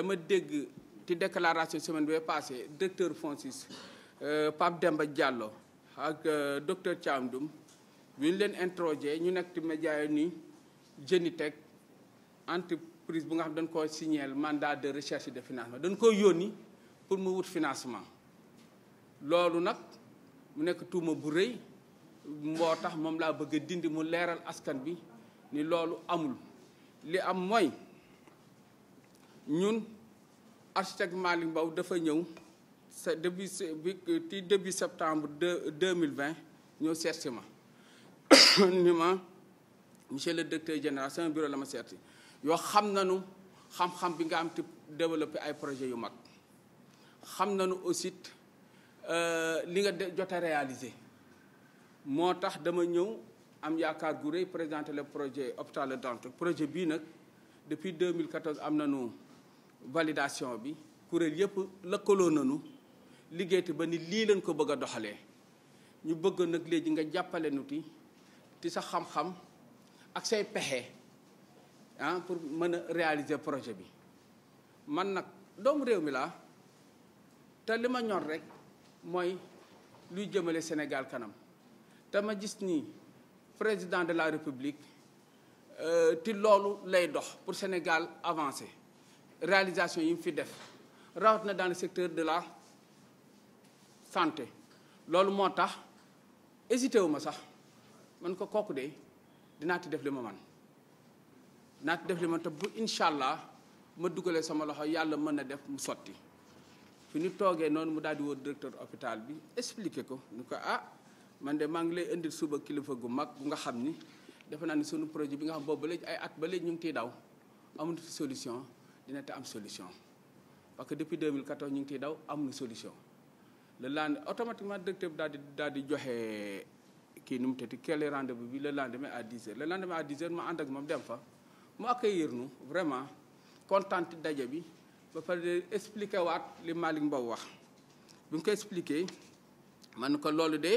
dama dégg ci déclaration semaine bi passé directeur FONSIS euh, Pape Demba Diallo ak euh, docteur Thiam Doum bu ñu leen interrogé ñu nekk ci média yi ni Genitech entreprise bu nga xam dañ ko signeel mandat de recherche de financement dañ koy yónni pour mu wut financement loolu nag mu nekk tuuma bu rëy moo tax moom laa bëgg a dindi mu leeral askan bi ni loolu amul li am mooy ñun architecte Malick mbaw dafa ñëw sa début bi ci début septembre deux deux mille vingt ñëw seet si ma ni ma monsieur le directeur général sama bureau la ma seet si yoo xam nañu xam-xam bi nga am ci développer ay projets yu mag xam na nu aussi euh, li nga jot a réaliser moo tax dama ñëw am yaakaar gu rëy présenter le projet hôpital Dantec projet bii nag depuis mille 2014 am na nañu. validation bi kuréel yëpp lëkkaloo nañu liggéeyte ba nit lii lañ ko bëgg a doxalee ñu bëgg nag léegi nga jàppale nuti ti sa xam-xam ak say pexe ah pour mën a réaliser projet bi man nag doomu réew mi laa te li ma ñor rek mooy luy jëmale Sénégal kanam te ma gis ni président de la République euh, ti loolu lay dox pour Sénégal avancer réalisation yi mu fi def rawat na dans le secteur de la santé loolu moo tax hésité wu ma sax man ko kooku de dinaa ci def li ma man dinaa def li ma te bu incha allah ma dugalee sama loxo yàlla mën na def mu sotti fi ñu toogee noonu mu daal di woo directeur hôpital bi expliqué ko ñu ko ah man de maa ngi lay indil suba kilifa gu mag bu nga xam ni defe naa ni sunu projet bi nga xam boobu ba léegi ay at ba léegi ñu ngi ciy daw amul solution dina te am solution parce que depuis 2014 ñu ngi ciy daw amuñu solution le land automatiquement directeur bi daal di daal di joxe kii nu mu tëdd quel rendez-vous bi le lendemain à 10h le lendemain à 10h ma ànd ak moom dem fa mu accueillir nu vraiment kontaan daje bi ba pare expliqué waat li Malick Mbow wax bi mu ko expliqué man ko loolu de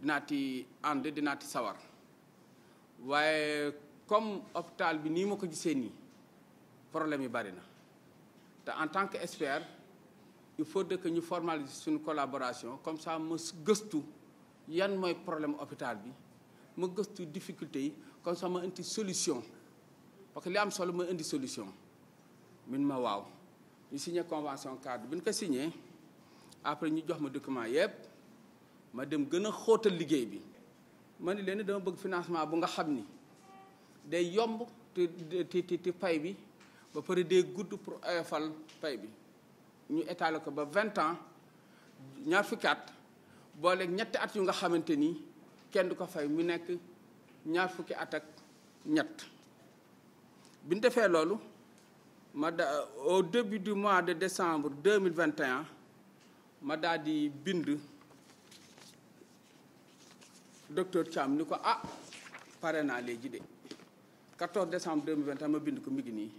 dinaa ci ànd dinaa ci sawar waaye comme hôpital bi nii ma ko gisee nii. problème yu bari na te en tant que expert il faut dëkk ñu formalise suñu collaboration comme ça ma gëstu yan mooy problème hôpital bi ma gëstu difficulté yi comme ça ma indi solution parce que li am solo ma indi solution min ma waaw ñu signé convention cadre bi ñu ko signé après ñu jox ma document yëpp ma dem gën a xóotal liggéey bi ma ni leen dama bëgg financement bu nga xam ni day yomb te te te pay bi ba pare dee gudd pour oyofal pay bi ñu étaler ko ba vingt ans ñaar fukki at booleeg ñetti at yu nga xamante ni kenn du ko fay mu nekk ñaar fukki at ak ñett bi ñu defee loolu ma da au du mois de décembre deux mille vingt et ma daal bind docteur Thiam ni ko ah pare naa léegi de 14 décembre de mille vingt et ma bind ko mi nii.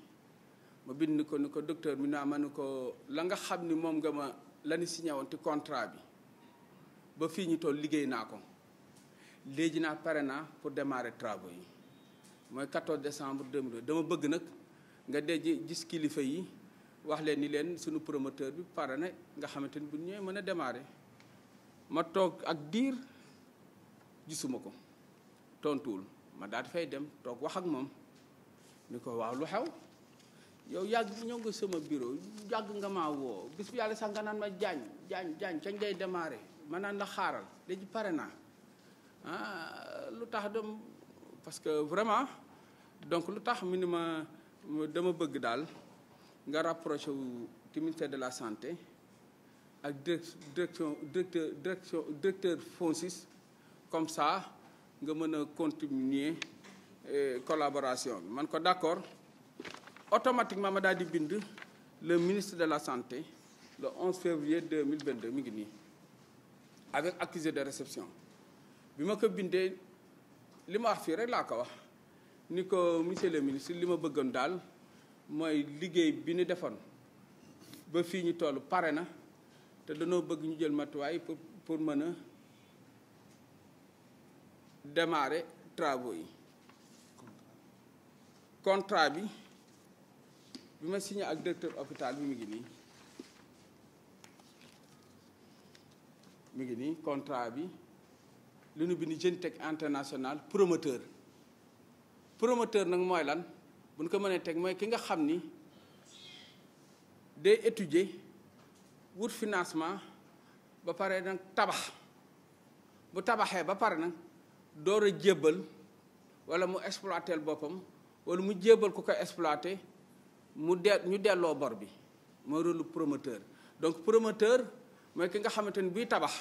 ma bind ko ni ko docteur bi naa man ni ko la nga xam ni moom nga ma la ñu woon ci contrat bi ba fii ñu toll liggéey naa ko léegi naa pare naa pour démarrer travaux yi mooy 14 décembre 2002 dama bëgg nag nga deji gis kilifa yi wax leen ni leen sunu promoteur bi pare na nga xamante ni bu ñëwee mën a démarrer ma toog ak diir gisuma ko tontuwul ma daal di fay dem toog wax ak moom ni ko waaw lu xew yow yàgg ñoo nga sama bureau yàgg nga maa woo bis bu yàlla sax nga naan ma jaañ jaañ jaañ kañ ngay démarré ma naan la xaaral léegi pare naa ah lu tax dem parce que vraiment donc lu tax mu dama bëgg daal nga rapproché wu ci de la santé ak direction directeur direction directeur FONSIS comme ça nga mën a continuer eh, collaboration bi man ko d'accord automatiquement ma daal di bind le ministre de la santé le 11 février 2022 mi ngi nii avec accusé de réception bi ma ko bindee li ma wax fii rek laa ko wax ni ko monsieur le ministre li ma bëggoon daal mooy liggéey bi ñu defoon ba fii ñu toll pare na te danoo bëgg ñu jël matuwaay pour pour mën a démarrer travaux yi contrat bi bi ma signé ak directeur hôpital bi mu ngi nii mu ngi nii contrat bi bi ni jën teg international promoteur promoteur nag mooy lan bu ñu ko mënee teg mooy ki nga xam ni day étudier wut financement ba pare nag tabax bu tabaxee ba pare nag door a jébbal wala mu exploiter boppam wala mu jébbal ku koy exploiter mu de ñu delloo bor bi mooy rôle promoteur donc promoteur mooy ki nga xamante ni buy tabax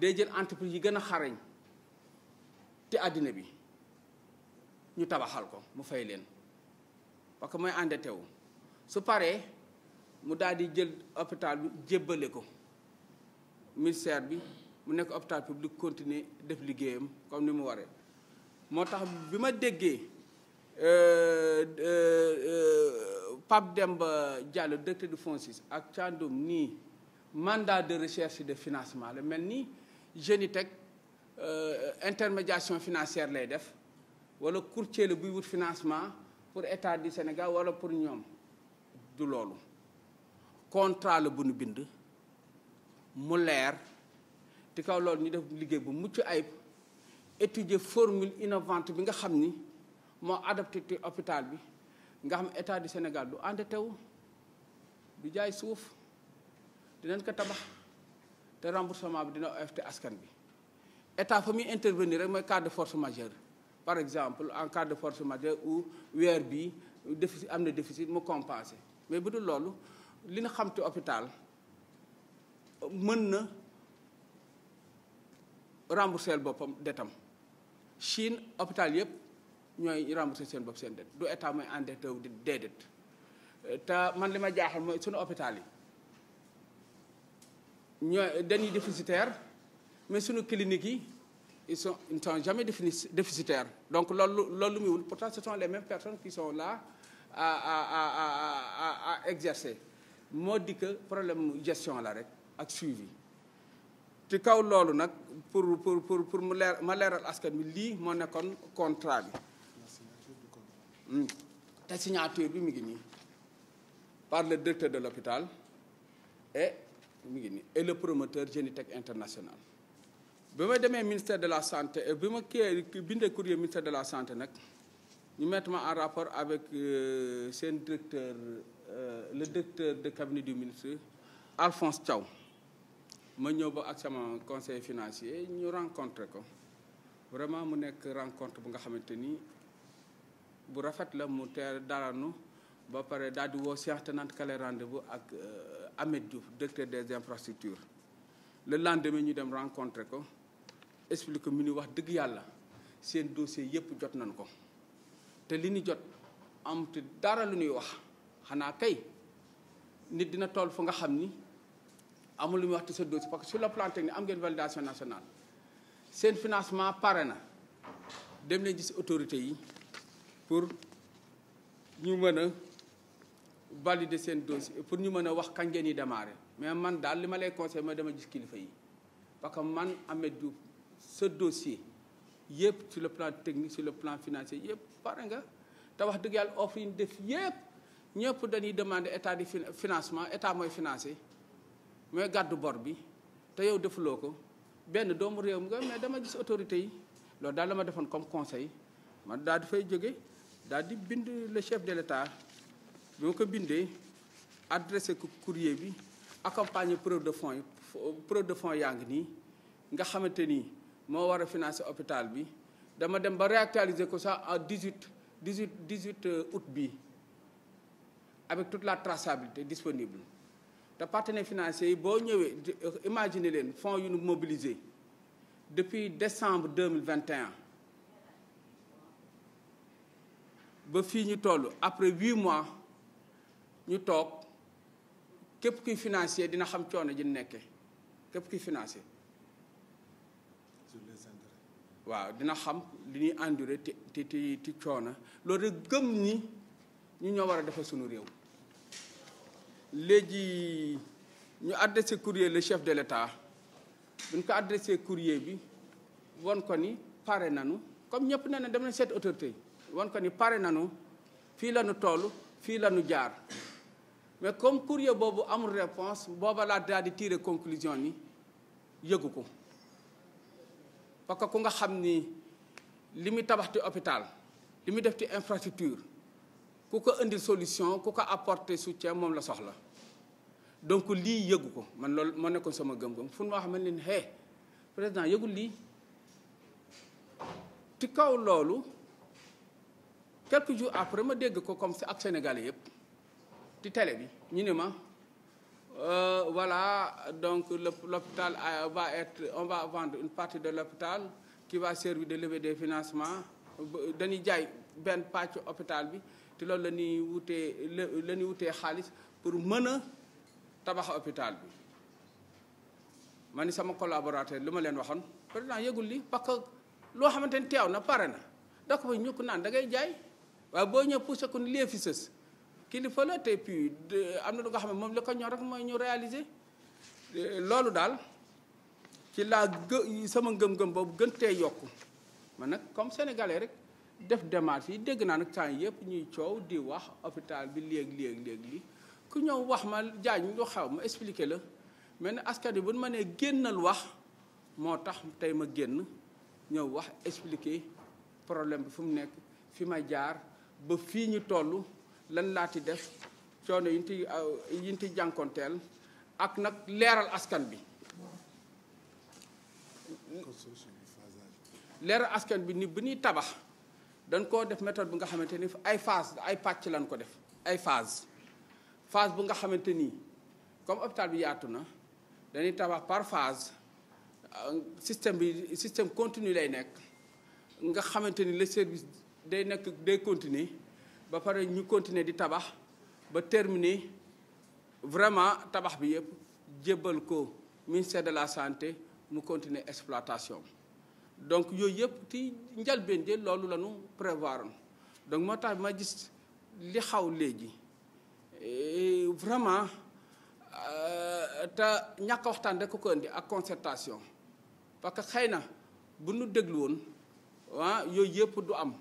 day jël entreprise yi gën a xarañ ci àddina bi ñu tabaxal ko mu fay leen parce que mooy endetté wu su paree mu daal di jël hôpital bi jébbale ko ministère bi mu nekk hôpital public continuer def liggéeyam comme ni mu waree moo tax bi ma déggee Euh, euh, euh, dem ba Diallo directeur du FONSIS ak Thiandoum nii mandat de recherche de financement la mel ni Génitec intermédiation financière lay def wala courtier la buy wut financement pour état du Sénégal wala pour ñoom du loolu contrat la bu nu bind mu leer ci kaw loolu ñu def liggéey bu mucc ayib étudier formule innovante bi nga xam ni moo adapté ci hôpital bi nga xam état du Sénégal du ànd tew du jaay suuf dinañ ko tabax te remboursement bi dina oft askan bi état fa muy intervenir rek mooy cas de force majeure par exemple en cas de force majeure ou weer bi déficit am na déficit mu compensé mais bu dul loolu li na xam te hôpital mën na rembourser boppam detam Chine hôpital yëpp ñooy rembourser seen bopp seen dette du état mooy endetté wu di déedéet te man li ma jaaxal mooy suñu hôpital yi ñooy dañuy déficitaire mais suñu clinique yi il sont ils ne sont jamais donc loolu loolu muy wul pourtant ce sont les mêmes personnes qui sont là à à moo di que problème gestion la rek ak suivi. ci kaw loolu nag pour pour pour pour mu leer ma leeral askan wi lii moo nekkoon contrat bi Hmm. te signature bi mu ngi nii par le directeur de l'hôpital et mu ngi nii et le promoteur Genitech International bi ma demee ministère de la santé eh, bi ma kii bindee courrier ministère de la santé nag ñu mettre ma en rapport avec euh, seen directeur euh, le directeur de cabinet du ministre Alphonse Thiaw ma ñëw ba ak sama conseil financier ñu rencontré ko vraiment mu nekk rencontre bu nga xamante ni bu rafet la mu teel nu ba pare daal di woo Cheikh Tenante Kale rendez-vous ak euh, Ahmed Diouf directeur des infrastructures le lendemain ñu dem rencontré ko explique mu ni wax dëgg yàlla seen dossier yëpp jot nañ ko te li nuy jot am te dara lu ñuy wax xanaa kay nit dina tool fu nga xam ni amul lu muy wax te sa dossier parce que sur le plan am ngeen validation nationale seen financement pare na dem leen gis autorité yi pour ñu mën a valider seen dossier pour ñu mën a wax kañ ngeen yi démarrer mais man daal li ma lay conseil mooy dama gis kilifa yi parce que man Ameth Diouf sa dossier yëpp sur le plan technique sur le plan financier yëpp pare nga te wax dëgg yàlla offre yi ñu def yëpp ñëpp dañuy demander état di financement état mooy financer mooy gàddu bor bi te yow defuloo ko benn doomu réew nga mais dama gis autorité yi loolu daal la ma defoon comme conseil man daal di fay jóge daal di bind le chef de l'État bi ma ko bindee adressé ko courrier bi accompagner preuve de fonds yi de fonds yaa ngi nii nga xamante ni moo war a financer hôpital bi dama dem ba réactualiser ko ça en 18 18 18 août bi avec toute la traçabilité disponible te partenaires financiers boo ñëwee euh, imaginer leen fonds yu nu mobilisé depuis décembre 2021 ba fii ñu toll après huit mois ñu toog képp kuy financier dina xam coono ji nekkee képp kuy financier waaw dina xam li ñuy endurer ti ti ti ti coono loolu gëm ni ñu ñoo war a defar suñu réew léegi ñu adressé courrier le chef de l'État buñ ko adressé courrier bi won ko ni pare nanu comme ñëpp nee na dem na seet autorité yi wan ko ni pare nanu fii la ñu toll fii la ñu jaar mais comme courrier boobu amul réponse booba laa daal di tirer conclusion ni yëgu ko parce que ku nga xam ni li muy tabax ci hôpital li muy def ci infrastructure ku ko indil solution ku ko apporter soutien moom la soxla donc lii yëgu ko man loolu moo nekkoon sama gëm-gëm fu ma ne leen hé président yëgul lii ci kaw loolu quelques jours après ma dégg ko comme si ak sénégalais yëpp ci télé bi ñu ne ma euh, voilà donc l'hôpital euh, va être on va vendre une partie de l'hôpital qui va servir de lever des financements dañuy jaay benn pàcc hopital bi te loolu la ñuy wutee la ñuy wutee xaalis pour mën a tabax hôpital bi ma ni sama collaborateur li ma leen waxoon président yëgul li parce que loo xamante ni teew na pare na da ko fa ñukk naan da ngay jaay waaye boo ñëw poussé ko lii fi sës kilifa la te puis am na lu nga xam ne moom li ko ñor rek mooy ñu réaliser loolu daal ci laa gë sama ngëm-ngëm boobu gën tee yokku man nag comme sénégalais rek def démarche fii dégg naa nag temps yëpp ñuy coow di wax hôpital bi léegi léegi léegi lii ku ñëw wax ma jaañ lu xew ma expliqué la mel ni askan bi bu ma nee génnal wax moo tax tey ma génn ñëw wax expliqué problème bi fu mu nekk fi ma jaar ba fii ñu toll lan laati def soone yi ñu euh, yiñ ti jànkonteel ak nag leeral askan bi leeral askan bi ni bu ñuy tabax dañ koo def méthode bu nga xamante ni ay phase ay pàcc lañ ko def ay phase phase bu nga xamante nii comme hôpital bi yaatu na dañuy tabax par phase euh, système bi système continu lay nekk nga xamante ni le service day nekk day continuer ba pare ñu continuer di tabax ba terminer vraiment tabax bi yëpp jébbal ko ministère de la santé mu continuer exploitation donc yooyu yëpp ci njalbeen je loolu la ñu prévoir donc moo tax ma gis li xaw léegi vraiment euh, te ñàkk waxtaan rek ko indi ak concertation parce que xëy na bu ñu déglu woon ah, yooyu yëpp du am.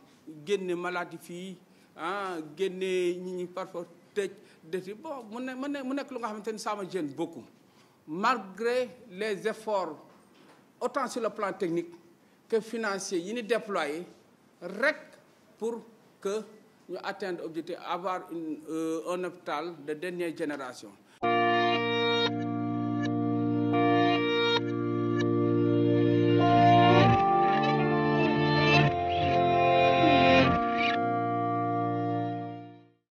génne malaat maladie fii ah génne ñi ñi parfois tëj deti bon mu ne mu ne mu nekk lu nga xamante ni ça me gêne beaucoup malgré les efforts autant sur le plan technique que financier yi ñu déployé rek pour que ñu atteindre objectif avoir une, euh, un hôpital de dernière génération